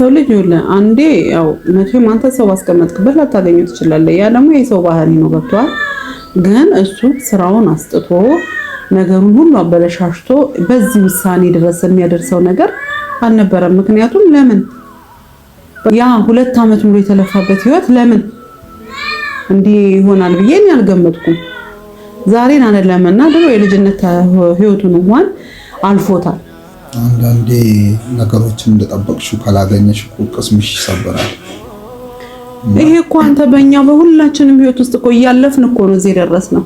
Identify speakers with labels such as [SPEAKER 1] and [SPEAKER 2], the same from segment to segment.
[SPEAKER 1] ሰው ልጅ ይኸውልህ አንዴ ያው መቼም አንተ ሰው ባስቀመጥክበት ላታገኙ ትችላለህ። ያ ደግሞ የሰው ባህሪ ነው። ገብቶሃል። ግን እሱ ስራውን አስጥቶ ነገሩን ሁሉ አበለሻሽቶ በዚህ ውሳኔ ድረስ የሚያደርሰው ነገር አልነበረም። ምክንያቱም ለምን ያ ሁለት ዓመት ሙሉ የተለፋበት ህይወት ለምን እንዲህ ይሆናል ብዬ እኔ አልገመጥኩም። ዛሬን እና ድሮ የልጅነት ህይወቱን እንኳን አልፎታል።
[SPEAKER 2] አንዳንዴ ነገሮችን እንደጠበቅሽው ካላገኘሽ እኮ ቅስምሽ ይሰበራል።
[SPEAKER 1] ይሄ እኮ አንተ በእኛ በሁላችንም ህይወት ውስጥ እኮ እያለፍን እኮ ነው እዚህ ነው።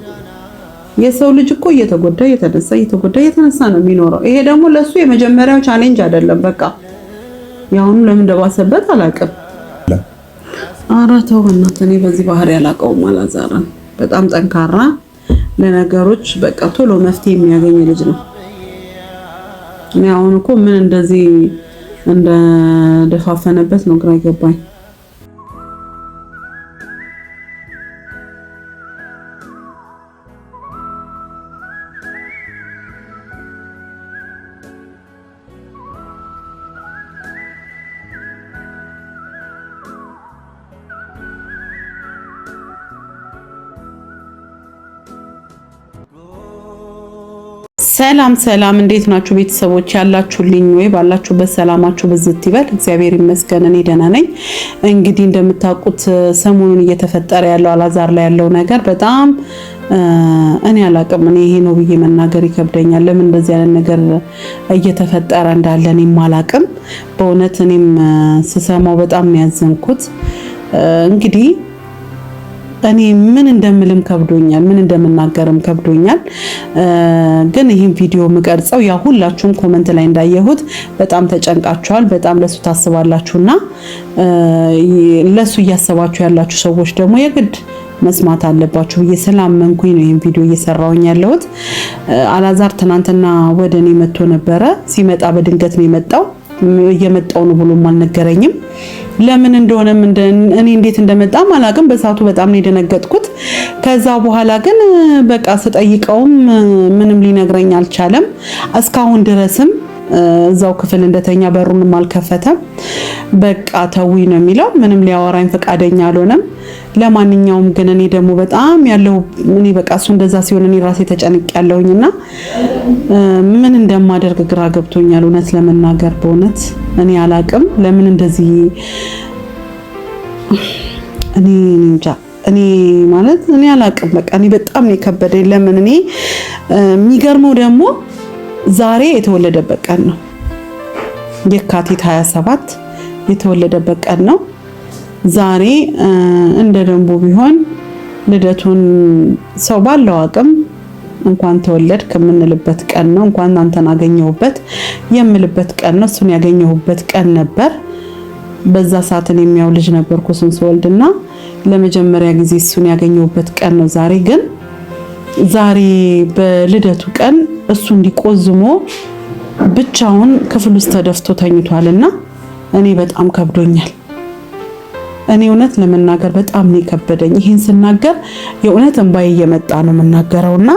[SPEAKER 1] የሰው ልጅ እኮ እየተጎዳ እየተነሳ እየተጎዳ እየተነሳ ነው የሚኖረው። ይሄ ደግሞ ለሱ የመጀመሪያው ቻሌንጅ አይደለም። በቃ ያሁኑ ለምን ደባሰበት አላውቅም። ኧረ ተው በእናትህ፣ እኔ በዚህ ባህሪ አላውቀውም። አላዛርን በጣም ጠንካራ ለነገሮች በቃ ቶሎ መፍትሄ የሚያገኝ ልጅ ነው። እኔ አሁን እኮ ምን እንደዚህ እንደደፋፈነበት ነው ግራ ይገባኝ። ሰላም ሰላም፣ እንዴት ናችሁ ቤተሰቦች? ያላችሁልኝ ወይ ባላችሁበት ሰላማችሁ ብዝት ይበል። እግዚአብሔር ይመስገን እኔ ደህና ነኝ። እንግዲህ እንደምታውቁት ሰሞኑን እየተፈጠረ ያለው አላዛር ላይ ያለው ነገር በጣም እኔ አላቅም። እኔ ይሄ ነው ብዬ መናገር ይከብደኛል። ለምን እንደዚህ አይነት ነገር እየተፈጠረ እንዳለ እኔም አላቅም። በእውነት እኔም ስሰማው በጣም ያዘንኩት። እንግዲህ እኔ ምን እንደምልም ከብዶኛል፣ ምን እንደምናገርም ከብዶኛል። ግን ይህን ቪዲዮ የምቀርጸው ያ ሁላችሁም ኮመንት ላይ እንዳየሁት በጣም ተጨንቃችኋል፣ በጣም ለሱ ታስባላችሁና ለሱ እያሰባችሁ ያላችሁ ሰዎች ደግሞ የግድ መስማት አለባችሁ ብዬ ስላመንኩኝ ነው ይህን ቪዲዮ እየሰራውኝ ያለሁት። አላዛር ትናንትና ወደ እኔ መጥቶ ነበረ። ሲመጣ በድንገት ነው የመጣው እየመጣው ነው ብሎም አልነገረኝም። ለምን እንደሆነም እኔ እንዴት እንደመጣም አላቅም። በሰዓቱ በጣም ነው የደነገጥኩት። ከዛ በኋላ ግን በቃ ስጠይቀውም ምንም ሊነግረኝ አልቻለም። እስካሁን ድረስም እዛው ክፍል እንደተኛ በሩንም አልከፈተም። በቃ ተዊ ነው የሚለው ምንም ሊያወራኝ ፈቃደኛ አልሆነም። ለማንኛውም ግን እኔ ደግሞ በጣም ያለው እኔ በቃ እሱ እንደዛ ሲሆን እኔ ራሴ ተጨንቅ ያለሁኝ እና ምን እንደማደርግ ግራ ገብቶኛል። እውነት ለመናገር በእውነት እኔ አላቅም ለምን እንደዚህ እኔ እንጃ እኔ ማለት እኔ አላቅም። በቃ እኔ በጣም ነው የከበደኝ። ለምን እኔ የሚገርመው ደግሞ ዛሬ የተወለደበት ቀን ነው። የካቲት 27 የተወለደበት ቀን ነው። ዛሬ እንደ ደንቡ ቢሆን ልደቱን ሰው ባለው አቅም እንኳን ተወለድ ከምንልበት ቀን ነው። እንኳን አንተን አገኘሁበት የምልበት ቀን ነው። እሱን ያገኘሁበት ቀን ነበር። በዛ ሰዓትን የሚያው ልጅ ነበርኩ እሱን እና ለመጀመሪያ ጊዜ እሱን ያገኘሁበት ቀን ነው። ዛሬ ግን ዛሬ በልደቱ ቀን እሱ እንዲቆዝሞ ብቻውን ክፍል ውስጥ ተደፍቶ እና እኔ በጣም ከብዶኛል። እኔ እውነት ለመናገር በጣም ነው የከበደኝ። ይህን ስናገር የእውነት እንባዬ እየመጣ ነው የምናገረውና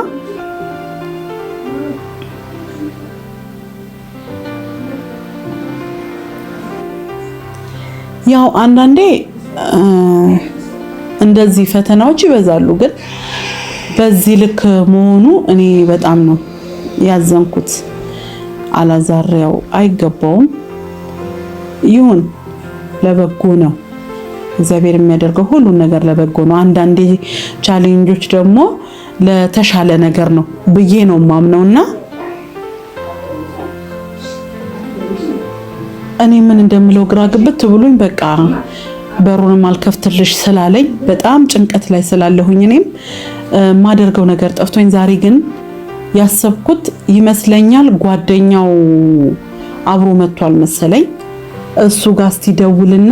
[SPEAKER 1] ያው አንዳንዴ እንደዚህ ፈተናዎች ይበዛሉ፣ ግን በዚህ ልክ መሆኑ እኔ በጣም ነው ያዘንኩት። አላዛሪያው አይገባውም። ይሁን ለበጎ ነው። እግዚአብሔር የሚያደርገው ሁሉን ነገር ለበጎ ነው። አንዳንዴ ቻሌንጆች ደግሞ ለተሻለ ነገር ነው ብዬ ነው ማምነው እና እኔ ምን እንደምለው ግራ ግብት ብሎኝ በቃ በሩንም አልከፍትልሽ ስላለኝ በጣም ጭንቀት ላይ ስላለሁኝ እኔም ማደርገው ነገር ጠፍቶኝ ዛሬ ግን ያሰብኩት ይመስለኛል ጓደኛው አብሮ መጥቷል መሰለኝ። እሱ ጋር እስቲ ደውልና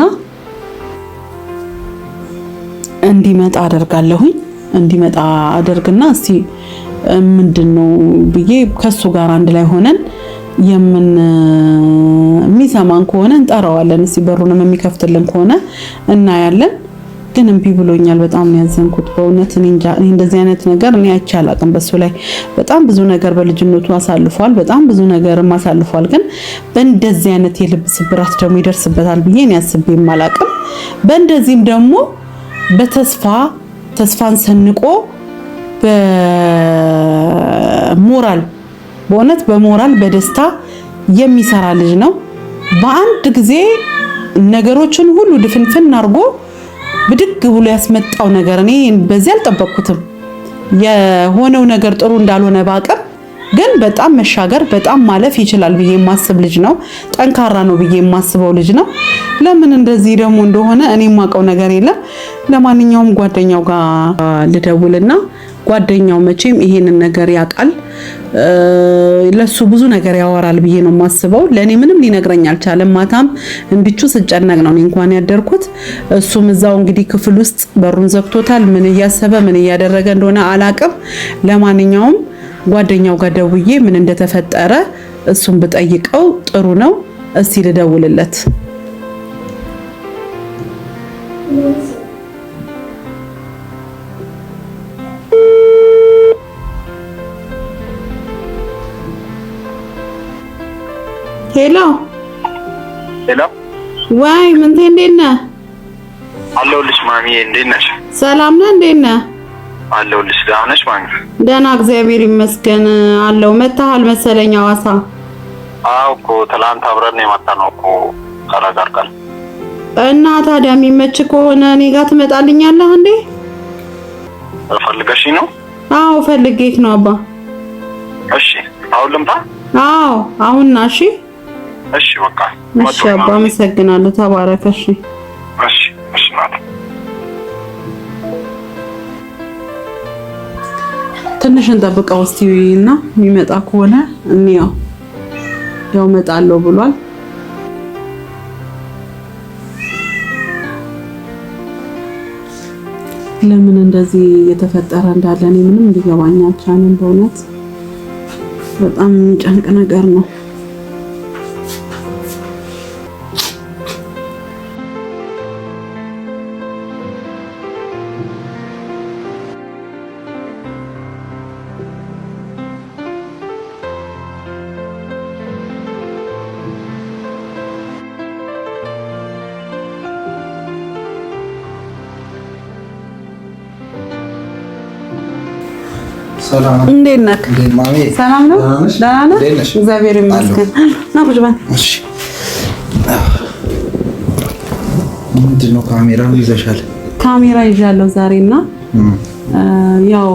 [SPEAKER 1] እንዲመጣ አደርጋለሁኝ። እንዲመጣ አደርግና እስቲ ምንድን ነው ብዬ ከሱ ጋር አንድ ላይ ሆነን የምን የሚሰማን ከሆነ እንጠራዋለን። እስቲ በሩንም የሚከፍትልን ከሆነ እናያለን። ግን እምቢ ብሎኛል። በጣም ነው ያዘንኩት በእውነት እኔ እንጃ። እንደዚህ አይነት ነገር እኔ አይቼ አላቅም። በሱ ላይ በጣም ብዙ ነገር በልጅነቱ አሳልፏል፣ በጣም ብዙ ነገርም አሳልፏል። ግን በእንደዚህ አይነት የልብ ስብራት ደግሞ ይደርስበታል ብዬ እኔ አስቤም አላቅም። በእንደዚህም ደግሞ በተስፋ ተስፋን ሰንቆ በሞራል በእውነት በሞራል በደስታ የሚሰራ ልጅ ነው። በአንድ ጊዜ ነገሮችን ሁሉ ድፍንፍን አድርጎ ብድግ ብሎ ያስመጣው ነገር እኔ በዚህ አልጠበቅኩትም። የሆነው ነገር ጥሩ እንዳልሆነ ባቅም ግን በጣም መሻገር በጣም ማለፍ ይችላል ብዬ የማስብ ልጅ ነው። ጠንካራ ነው ብዬ የማስበው ልጅ ነው። ለምን እንደዚህ ደግሞ እንደሆነ እኔ የማውቀው ነገር የለም። ለማንኛውም ጓደኛው ጋር ልደውልና ጓደኛው መቼም ይሄንን ነገር ያውቃል፣ ለሱ ብዙ ነገር ያወራል ብዬ ነው የማስበው። ለእኔ ምንም ሊነግረኝ አልቻለም። ማታም እንድቹ ስጨነቅ ነው እኔ እንኳን ያደርኩት። እሱም እዛው እንግዲህ ክፍል ውስጥ በሩን ዘግቶታል። ምን እያሰበ ምን እያደረገ እንደሆነ አላቅም። ለማንኛውም ጓደኛው ጋር ደውዬ ምን እንደተፈጠረ እሱን ብጠይቀው ጥሩ ነው። እስቲ ልደውልለት። ሄሎ ሄሎ፣ ዋይ ምንቴ እንዴት ነህ?
[SPEAKER 2] አለሁልሽ ማሚዬ፣ እንዴት ነሽ?
[SPEAKER 1] ሰላም ነህ? እንዴት ነህ?
[SPEAKER 2] አለሁልሽ። ደህና ነሽ ማሚ?
[SPEAKER 1] ደህና እግዚአብሔር ይመስገን አለው መታሃል መሰለኝ ሐዋሳ።
[SPEAKER 2] አዎ እኮ ትናንት አብረን የመጣነው እኮ ተረጋርቀን
[SPEAKER 1] እና ታዲያ የሚመች ከሆነ እኔ ጋር ትመጣልኛለህ እንዴ? ፈልገሽ ነው? አዎ ፈልጌክ ነው አባ።
[SPEAKER 2] እሺ አሁን ልምጣ?
[SPEAKER 1] አዎ አሁን ና። እሺ እሺ በቃ እሺ አባ አመሰግናለሁ። ተባረከ። እሺ
[SPEAKER 2] እሺ እሺ ማለት
[SPEAKER 1] ትንሽ እንጠብቀው እስቲ እና የሚመጣ ከሆነ እንየው። ያው እመጣለሁ ብሏል። ለምን እንደዚህ እየተፈጠረ እንዳለ እኔ ምንም ሊገባኝ አልቻለም። በእውነት በጣም የሚጨንቅ ነገር ነው። እንዴት ነህ? ሰላም ነው? ደህና ነህ? እግዚአብሔር ይመስገን። ና ቁጭ በል።
[SPEAKER 2] ምንድን ነው ካሜራ ይዘሻል?
[SPEAKER 1] ካሜራ ይዣለሁ ዛሬ እና ያው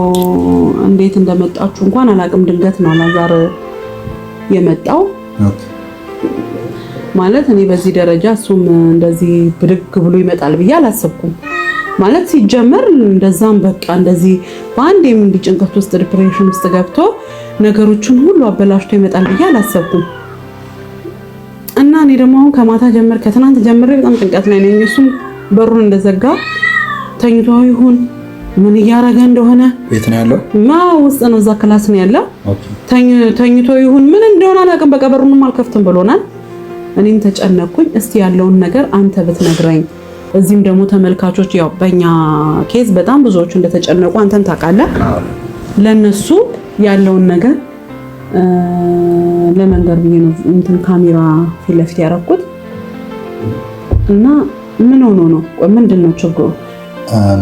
[SPEAKER 1] እንዴት እንደመጣችሁ እንኳን አላውቅም። ድንገት ነው አላዛር የመጣው ማለት እኔ በዚህ ደረጃ እሱም እንደዚህ ብድግ ብሎ ይመጣል ብዬ አላሰብኩም። ማለት ሲጀመር እንደዛም በቃ እንደዚህ በአንዴም እንዲህ ጭንቀት ውስጥ ዲፕሬሽን ውስጥ ገብቶ ነገሮችን ሁሉ አበላሽቶ ይመጣል ብዬ አላሰብኩም። እና እኔ ደግሞ አሁን ከማታ ጀምር ከትናንት ጀምሬ በጣም ጭንቀት ላይ ነኝ። እሱም በሩን እንደዘጋ ተኝቶ ይሁን ምን እያደረገ እንደሆነ ቤት ነው ያለው፣ ማ ውስጥ ነው እዛ ክላስ ነው ያለው። ተኝቶ ይሁን ምን እንደሆነ አላውቅም። በቃ በሩንም አልከፍትም ብሎናል። እኔም ተጨነኩኝ። እስቲ ያለውን ነገር አንተ ብትነግረኝ እዚህም ደግሞ ተመልካቾች ያው በእኛ ኬዝ በጣም ብዙዎቹ እንደተጨነቁ አንተም ታውቃለህ። ለነሱ ያለውን ነገር ለመንገር ብዬ ነው እንትን ካሜራ ፊት ለፊት ያደረኩት እና ምን ሆኖ ነው? ምንድን ነው ችግሩ?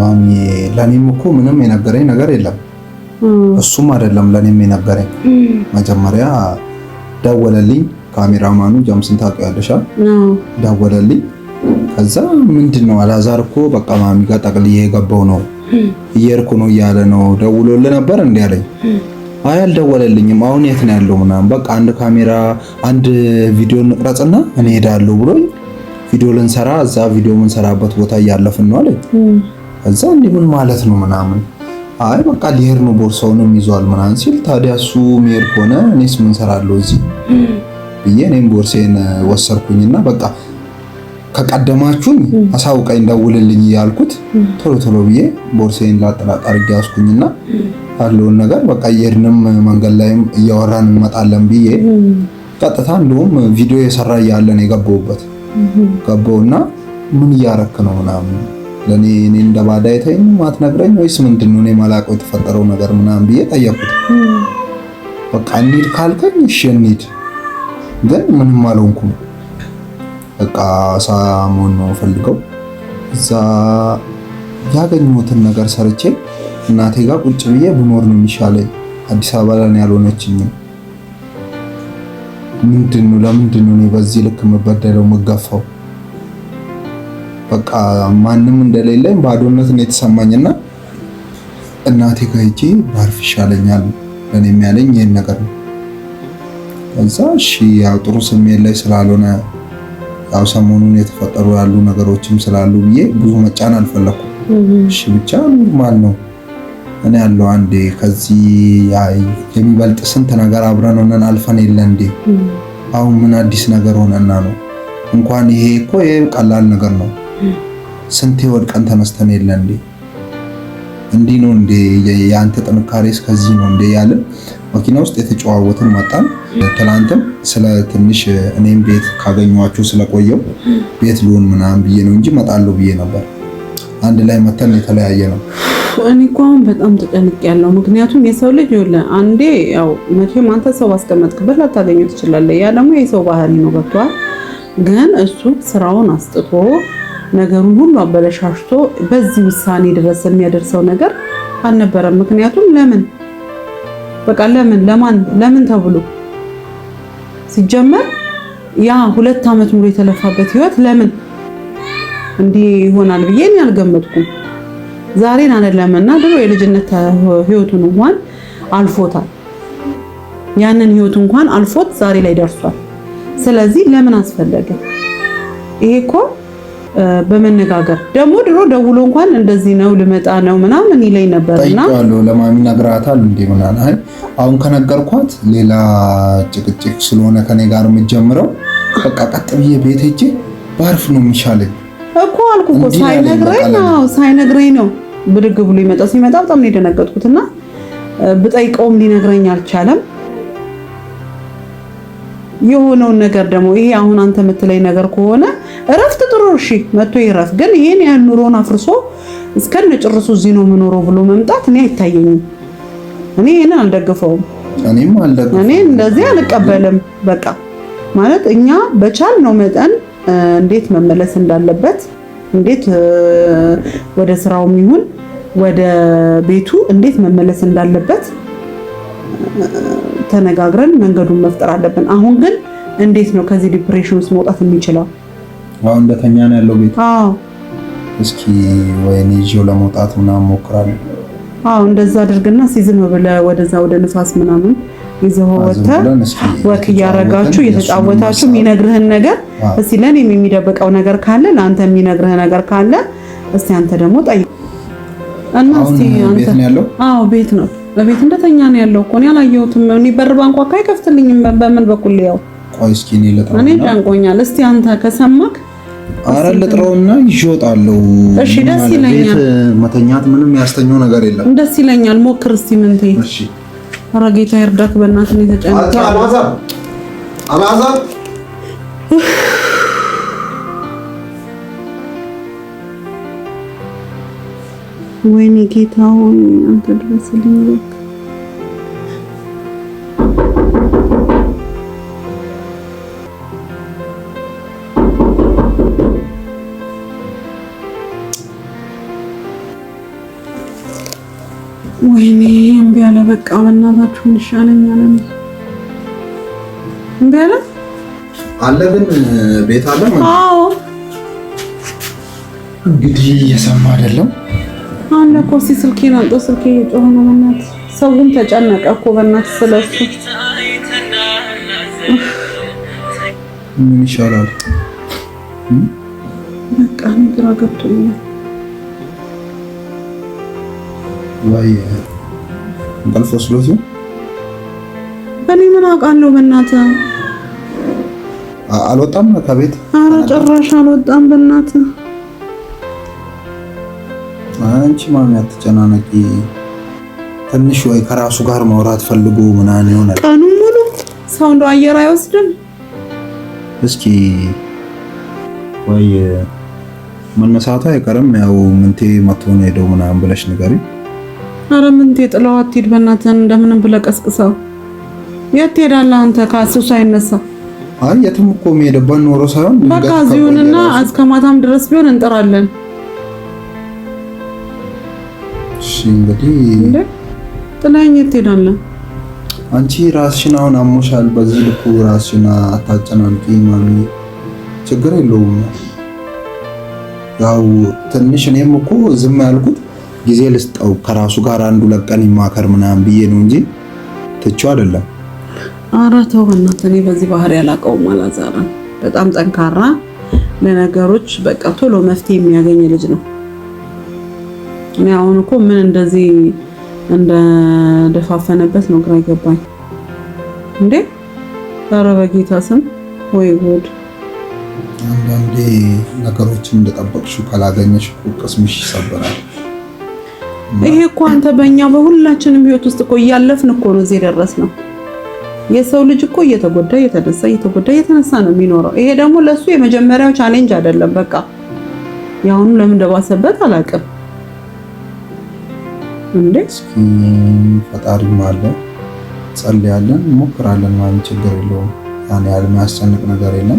[SPEAKER 2] ማሚ ለእኔም እኮ ምንም የነገረኝ ነገር የለም። እሱም አይደለም ለእኔም የነገረኝ መጀመሪያ ደወለልኝ። ካሜራማኑ ጀምስን ታውቂያለሽ? ደወለልኝ ከዛ ምንድን ነው አላዛር እኮ በቃ ማሚ ጋር ጠቅልዬ የገባው ነው እየሄድኩ ነው እያለ ነው ደውሎልህ ነበር እንዲ አለኝ። አይ አልደወለልኝም። አሁን የት ነው ያለው ምናምን በቃ አንድ ካሜራ አንድ ቪዲዮ እንቅረጽና እኔ ሄዳለሁ ብሎኝ ቪዲዮ ልንሰራ እዛ ቪዲዮ የምንሰራበት ቦታ እያለፍን ነው አለኝ። እዛ እንዲህ ምን ማለት ነው ምናምን አይ በቃ ሊሄድ ነው ቦርሳውንም ይዟል ምናምን ሲል፣ ታዲያ እሱ ሚሄድ ከሆነ እኔስ ምን ሰራለሁ እዚህ ብዬ እኔም ቦርሴን ወሰርኩኝና በቃ ከቀደማችሁኝ አሳውቀኝ እንዳውልልኝ እያልኩት ቶሎ ቶሎ ብዬ ቦርሴን ላጥላጥ አድርጌ ያለውን ነገር በቃ እየሄድንም መንገድ ላይም እያወራን እንመጣለን ብዬ ቀጥታ እንደውም ቪዲዮ የሰራ እያለን የገበውበት? ገባሁና ምን እያረክ ነው ምናምን ለእኔ እኔ እንደ ባዳ የተኝ ማትነግረኝ ወይስ ምንድን ነው እኔ ማላውቀው የተፈጠረው ነገር ምናምን ብዬ ጠየኩት። በቃ እንሂድ ካልከኝ እሺ እንሂድ፣ ግን ምንም አልሆንኩም። በቃ አሳ መሆን ነው ፈልገው እዛ ያገኘሁትን ነገር ሰርቼ እናቴ ጋር ቁጭ ብዬ ብኖር ነው የሚሻለኝ። አዲስ አበባ ላይ ያልሆነችኝም ምንድን ነው ለምንድን ነው እኔ በዚህ ልክ የምበደለው የምገፋው? በቃ ማንም እንደሌለኝ ባዶነት ነው የተሰማኝና እናቴ ጋር ሂጄ ባርፍ ይሻለኛል ለእኔ የሚያለኝ ይህን ነገር ነው። ከዛ እሺ ያው ጥሩ ስሜት ላይ ስላልሆነ ያው ሰሞኑን የተፈጠሩ ያሉ ነገሮችም ስላሉ ብዬ ብዙ መጫን አልፈለኩም። እሺ ብቻ ኖርማል ነው። እኔ ያለው አንዴ ከዚህ የሚበልጥ ስንት ነገር አብረን ሆነን አልፈን የለ እንዴ? አሁን ምን አዲስ ነገር ሆነና ነው? እንኳን ይሄ እኮ ቀላል ነገር ነው። ስንቴ ወድቀን ተነስተን የለ እንዴ? እንዲህ ነው እንዴ? የአንተ ጥንካሬ እስከዚህ ነው እንዴ? ያለ መኪና ውስጥ የተጨዋወትን መጣን ትላንትም ስለ ትንሽ እኔም ቤት ካገኘኋችሁ ስለቆየው ቤት ልሁን ምናምን ብዬ ነው እንጂ እመጣለሁ ብዬ ነበር። አንድ ላይ መተን የተለያየ ነው።
[SPEAKER 1] እኔ እኮ አሁን በጣም ተጨንቅ ያለው ምክንያቱም የሰው ልጅ ለ አንዴ ያው መቼም አንተ ሰው ባስቀመጥክበት ላታገኙ ትችላለህ። ያ ደግሞ የሰው ባህሪ ነው። ገብቶሃል? ግን እሱ ስራውን አስጥቶ ነገሩን ሁሉ አበለሻሽቶ በዚህ ውሳኔ ድረስ የሚያደርሰው ነገር አልነበረም። ምክንያቱም ለምን በቃ ለምን ለማን ለምን ተብሎ ሲጀመር ያ ሁለት ዓመት ሙሉ የተለፋበት ህይወት ለምን እንዲህ ይሆናል ብዬ እኔ አልገመትኩም። ዛሬን አይደለምና ድሮ የልጅነት ህይወቱን እንኳን አልፎታል። ያንን ህይወቱ እንኳን አልፎት ዛሬ ላይ ደርሷል። ስለዚህ ለምን አስፈለገ ይሄ እኮ በመነጋገር ደግሞ ድሮ ደውሎ እንኳን እንደዚህ ነው ልመጣ ነው ምናምን ይለኝ ነበር።
[SPEAKER 2] እና ለማሚ ነግረሃታል እንዴ ምናምን? አይ አሁን ከነገርኳት ሌላ ጭቅጭቅ ስለሆነ ከኔ ጋር የምጀምረው በቃ ቀጥ ብዬ ቤት ሄጄ ባርፍ ነው የሚሻለኝ
[SPEAKER 1] እኮ አልኩ እኮ ሳይነግረኝ ነው ሳይነግረኝ ነው ብድግ ብሎ ይመጣ ሲመጣ በጣም ነው የደነገጥኩትና ብጠይቀውም ሊነግረኝ አልቻለም። የሆነውን ነገር ደግሞ ይሄ አሁን አንተ የምትለኝ ነገር ከሆነ እረፍት ጥሩ እሺ፣ መጥቶ ይረፍ። ግን ይሄን ያህል ኑሮን አፍርሶ እስከነ ጭርሱ እዚህ ነው የምኖረው ብሎ መምጣት እኔ አይታየኝም። እኔ ይሄን አልደግፈውም።
[SPEAKER 2] እኔም አልደግፈውም።
[SPEAKER 1] እኔ እንደዚህ አልቀበልም። በቃ ማለት እኛ በቻልነው መጠን እንዴት መመለስ እንዳለበት እንዴት ወደ ስራውም ይሁን ወደ ቤቱ እንዴት መመለስ እንዳለበት ተነጋግረን መንገዱን መፍጠር አለብን። አሁን ግን እንዴት ነው ከዚህ ዲፕሬሽን ውስጥ መውጣት የሚችለው?
[SPEAKER 2] አሁን እንደተኛ ነው ያለው ቤት። አዎ እስኪ ወይኔ ይዤው ለመውጣት ምናምን እሞክራለሁ።
[SPEAKER 1] አዎ እንደዛ አድርግና ሲዝም ብለ ወደዛ ወደ ንፋስ ምናምን ይዘው ወተህ ወክ እያረጋችሁ እየተጫወታችሁ የሚነግርህን ነገር እስቲ ለእኔም የሚደብቀው ነገር ካለ ለአንተ የሚነግርህ ነገር ካለ እስቲ አንተ ደግሞ ጠይቅ እና እስኪ አንተ ቤት ነው በቤት እንደተኛ ነው ያለው እኮ እኔ አላየሁትም። እኔ በር ባንኳኳ አይከፍትልኝም። በምን በኩል ያው
[SPEAKER 2] ቆይ እስኪ እኔ ልጥራው።
[SPEAKER 1] እኔ ዳንቆኛል። እስቲ አንተ ከሰማክ
[SPEAKER 2] አረ ልጥራውና ይወጣለው።
[SPEAKER 1] እሺ ደስ ይለኛል።
[SPEAKER 2] ቤት መተኛት ምንም ያስተኛው ነገር የለም።
[SPEAKER 1] ደስ ይለኛል። ሞክር እስቲ ምን ትይ። እሺ አረ ጌታ ይርዳክ በእናትህ ነው የተጨነቀ አልዓዛር ወይኔ ጌታ ሆይ አንተ ድረስልኝ። ወይኔ እምቢ አለ። በቃ በእናታችሁ ምን ይሻለኛል? እምቢ አለ
[SPEAKER 2] አለ። ግን ቤት አለ እንግዲህ እየሰማ አይደለም
[SPEAKER 1] አሁን እኮ እስኪ ስልኬን አምጦ ስልኬ እየጮኸ ነው። በእናትህ ሰውም ተጨነቀ እኮ በእናት ስለሱ።
[SPEAKER 2] ምን ይሻላል?
[SPEAKER 1] በቃ እኔ ግራ ገብቶኛል።
[SPEAKER 2] ወይ እንቅልፍ ወስዶት
[SPEAKER 1] እኔ ምን አውቃለሁ? በእናትህ
[SPEAKER 2] አልወጣም ከቤት።
[SPEAKER 1] ጭራሽ አልወጣም በእናትህ
[SPEAKER 2] አንቺ ማሚ አትጨናነቂ፣ ትንሽ ወይ ከራሱ ጋር ማውራት ፈልጎ ምናምን ይሆናል።
[SPEAKER 1] ቀኑ ሙሉ ሰው እንደው አየር አይወስድም።
[SPEAKER 2] እስኪ ወይ መነሳቷ አይቀርም። ያው ምንቴ መቶ ነው ሄደው ምናምን ብለሽ ንገሪ።
[SPEAKER 1] አረ ምንቴ ጥለው አትሂድ በእናትህ፣ እንደምንም ብለህ ቀስቅሰው። የት ትሄዳለህ አንተ ከአስር ሳይነሳ?
[SPEAKER 2] አይ የትም እኮ መሄድ ኖሮ ሳይሆን
[SPEAKER 1] በቃ እዚሁንና እስከ ማታም ድረስ ቢሆን እንጠራለን። እንግዲህ ጥላኝ ትሄዳለህ።
[SPEAKER 2] አንቺ ራስሽን አሁን አሞሻል። በዚህ ልኩ ራስሽን አታጨናንቂ ማሚ፣ ችግር የለውም። ያው ትንሽ እኔም እኮ ዝም ያልኩት ጊዜ ልስጠው ከራሱ ጋር አንዱ ለቀን ይማከር ምናምን ብዬ ነው እንጂ ትቼው አይደለም።
[SPEAKER 1] ኧረ ተው በእናትህ፣ እኔ በዚህ ባህሪ ያላቀውም አላዛረም። በጣም ጠንካራ ለነገሮች በቃ ቶሎ መፍትሄ የሚያገኝ ልጅ ነው። እኔ አሁን እኮ ምን እንደዚህ እንደደፋፈነበት ነው ግራ ይገባኝ። እንዴ ኧረ በጌታ ስም ወይ ጉድ!
[SPEAKER 2] አንዳንዴ ነገሮችን እንደጠበቅሽው ካላገኘሽ ቅስምሽ ይሰበራል።
[SPEAKER 1] ይሄ እኮ አንተ በእኛ በሁላችንም ህይወት ውስጥ እኮ እያለፍን እኮ ነው እዚህ የደረስነው። የሰው ልጅ እኮ እየተጎዳ እየተነሳ እየተጎዳ እየተነሳ ነው የሚኖረው። ይሄ ደግሞ ለሱ የመጀመሪያው ቻሌንጅ አይደለም። በቃ የአሁኑ ለምን እንደባሰበት አላውቅም። እንዴት
[SPEAKER 2] ፈጣሪም አለ። ጸልያለን፣ ሞክራለን። ማንም ችግር የለውም። ያን ያህል የሚያስጨንቅ ነገር የለም።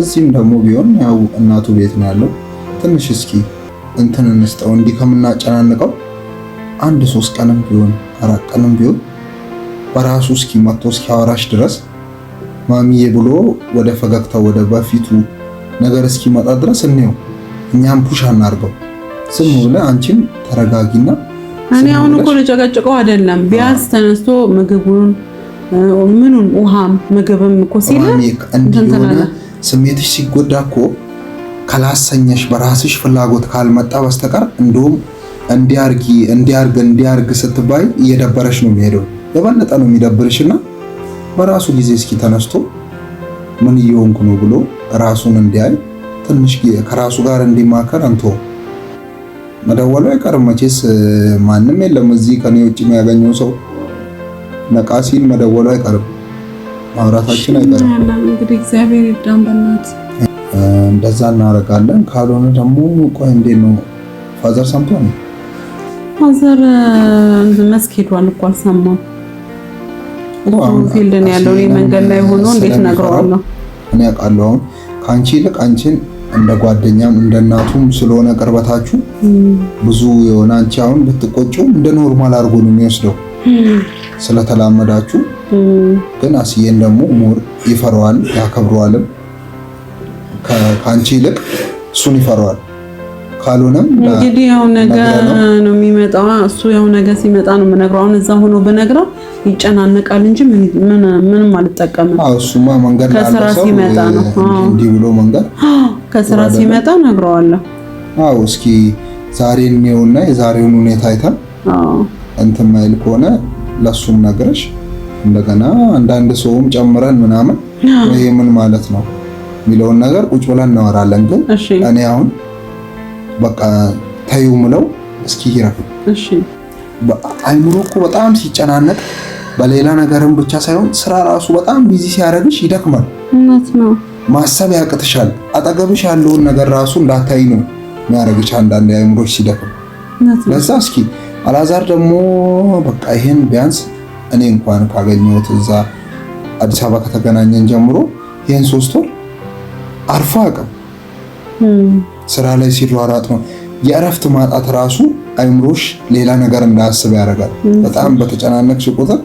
[SPEAKER 2] እዚህም ደግሞ ቢሆን ያው እናቱ ቤት ነው ያለው። ትንሽ እስኪ እንትን እንስጠው እንዲህ ከምናጨናንቀው አንድ ሶስት ቀንም ቢሆን አራት ቀንም ቢሆን በራሱ እስኪ መጥቶ እስኪ ድረስ ማሚዬ ብሎ ወደ ፈገግታው ወደ በፊቱ ነገር እስኪመጣ ድረስ እንየው። እኛም ፑሽ አናርገው። ዝም ብለህ አንቺም ተረጋጊና
[SPEAKER 1] እኔ አሁን እኮ ልጨቀጭቀው አይደለም። ቢያንስ ተነስቶ ምግቡን ምኑን ውሃም ምግብም እኮ ሲል
[SPEAKER 2] እንደሆነ ስሜትሽ ሲጎዳ እኮ ካላሰኘሽ በራስሽ ፍላጎት ካልመጣ በስተቀር እንደውም እንዲያርጊ እንዲያርግ እንዲያርግ ስትባይ እየደበረሽ ነው የሚሄደው፣ የበለጠ ነው የሚደብርሽ። እና በራሱ ጊዜ እስኪ ተነስቶ ምን እየሆንኩ ነው ብሎ ራሱን እንዲያይ ትንሽ ከራሱ ጋር እንዲማከር አንተ መደወሉ አይቀርም መቼስ ማንም የለም እዚህ ከኔ ውጭ የሚያገኘው ሰው ነቃ መደወሉ አይቀርም፣ ማውራታችን አይቀርም።
[SPEAKER 1] እንግዲህ እግዚአብሔር ይርዳን በእናት
[SPEAKER 2] እንደዛ እናደርጋለን። ካልሆነ ደግሞ ቆይ እንዴ ነው ፋዘር ሰምቶ ነው?
[SPEAKER 1] ፋዘር መስኬዷል እኮ አልሰማም። ፊልድ ነው ያለው መንገድ ላይ ሆኖ እንዴት እነግረዋለሁ?
[SPEAKER 2] እኔ አውቃለሁ። አሁን ከአንቺ ይልቅ አንቺን እንደ ጓደኛም እንደ እናቱም ስለሆነ ቅርበታችሁ ብዙ የሆነ አንቺ አሁን ብትቆጪው እንደ ኖርማል አድርጎ ነው የሚወስደው ስለተላመዳችሁ። ግን አስዬን ደግሞ ሞር ይፈራዋል ያከብረዋልም። ከአንቺ ይልቅ እሱን ይፈራዋል። ካልሆነም
[SPEAKER 1] እንግዲህ ያው ነገ ነው የሚመጣው። እሱ ያው ነገ ሲመጣ ነው የምነግረው። አሁን እዛ ሆኖ በነግረው ይጨናነቃል እንጂ ምንም አልጠቀምም።
[SPEAKER 2] እሱማ መንገድ
[SPEAKER 1] ከስራ ሲመጣ ነው
[SPEAKER 2] እንዲህ ብሎ መንገድ
[SPEAKER 1] ከስራ ሲመጣ ነግረዋለሁ።
[SPEAKER 2] አዎ እስኪ ዛሬ እንየውና የዛሬውን ሁኔታ አይተን እንትን ማይል ከሆነ ለሱም ነግረሽ እንደገና አንዳንድ ሰውም ጨምረን ምናምን ይሄ ምን ማለት ነው የሚለውን ነገር ቁጭ ብለን እናወራለን። ግን እኔ አሁን በቃ ተዩ ምለው እስኪ ይረፍ። እሺ አይምሮ እኮ በጣም ሲጨናነቅ በሌላ ነገርም ብቻ ሳይሆን ስራ ራሱ በጣም ቢዚ ሲያደርግሽ ይደክማል። እውነት ነው። ማሰብ ያቅትሻል። አጠገብሽ ያለውን ነገር ራሱ እንዳታይ ነው የሚያደርግሽ አንዳንድ አእምሮች ሲደክም። ለዛ እስኪ አላዛር ደግሞ በቃ ይሄን ቢያንስ እኔ እንኳን ካገኘሁት እዛ አዲስ አበባ ከተገናኘን ጀምሮ ይህን ሶስት ወር አርፎ አቅም ስራ ላይ ሲሯሯጥ ነው የእረፍት ማጣት ራሱ አይምሮሽ ሌላ ነገር እንዳያስብ ያደርጋል። በጣም በተጨናነቅሽ ቁጥር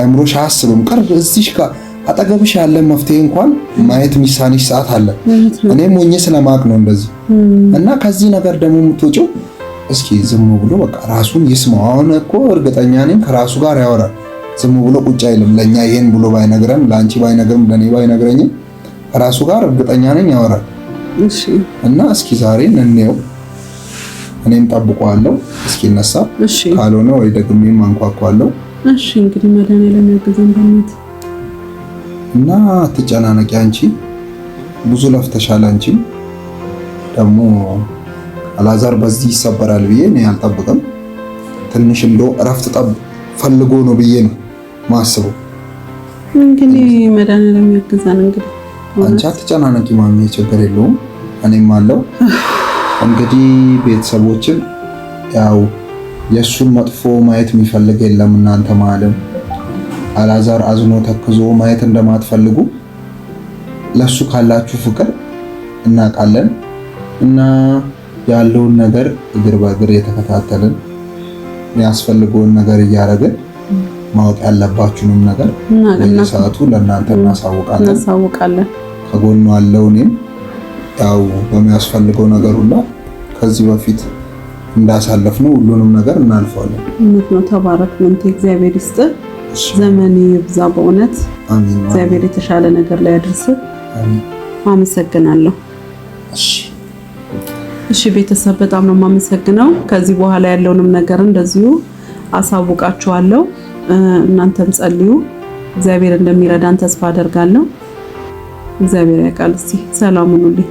[SPEAKER 2] አይምሮሽ አያስብም ቅርብ እዚሽ ጋር አጠገብሽ ያለ መፍትሄ እንኳን ማየት የሚሳንሽ ሰዓት አለ። እኔም ሞኝ ስለማቅ ነው እንደዚህ እና ከዚህ ነገር ደግሞ የምትወጪው እስኪ ዝም ብሎ በቃ ራሱን ይስማው። አሁን እኮ እርግጠኛ ነኝ ከራሱ ጋር ያወራል። ዝም ብሎ ቁጭ አይልም። ለእኛ ይሄን ብሎ ባይነግረን፣ ለአንቺ ባይነግርም፣ ለእኔ ባይነግረኝም ከራሱ ጋር እርግጠኛ ነኝ ያወራል። እና እስኪ ዛሬ እንየው። እኔም ጠብቀዋለሁ እስኪ እስኪነሳ፣ ካልሆነ ወይ ደግሜ አንኳኳለሁ።
[SPEAKER 1] እሺ እንግዲህ መድኃኒዓለም ያግዘን በእናትህ
[SPEAKER 2] እና አትጨናነቂ። አንቺ ብዙ ለፍተሻል። አንቺም ደግሞ አላዛር በዚህ ይሰበራል ብዬ እኔ አልጠብቅም። ትንሽ እንዶ እረፍት ጠብ ፈልጎ ነው ብዬ ነው ማስቡ።
[SPEAKER 1] እንግዲህ መድኃኒዓለም ያግዛን። እንግዲህ
[SPEAKER 2] አንቺ አትጨናነቂ ማሚ፣ ችግር የለውም እኔም አለው። እንግዲህ ቤተሰቦችን ያው የእሱን መጥፎ ማየት የሚፈልግ የለም እናንተ ማለም አላዛር አዝኖ ተክዞ ማየት እንደማትፈልጉ ለሱ ካላችሁ ፍቅር እናውቃለን እና ያለውን ነገር እግር በእግር የተከታተልን የሚያስፈልገውን ነገር እያደረግን ማወቅ ያለባችሁንም ነገር ሰዓቱ ለእናንተ
[SPEAKER 1] እናሳውቃለን።
[SPEAKER 2] ከጎኑ ያለው እኔም ያው በሚያስፈልገው ነገር ሁላ ከዚህ በፊት እንዳሳለፍ ነው ሁሉንም ነገር እናልፈዋለን።
[SPEAKER 1] እውነት ነው። ተባረክ ምንቴ እግዚአብሔር ይስጥ። ዘመን ይብዛ። በእውነት
[SPEAKER 2] እግዚአብሔር
[SPEAKER 1] የተሻለ ነገር ላይ አድርስ አመሰግናለሁ። እሺ ቤተሰብ በጣም ነው የማመሰግነው። ከዚህ በኋላ ያለውንም ነገር እንደዚሁ አሳውቃችኋለሁ። እናንተም ጸልዩ። እግዚአብሔር እንደሚረዳን ተስፋ አደርጋለሁ። እግዚአብሔር ያውቃል። እስቲ ሰላም ሁኑልኝ።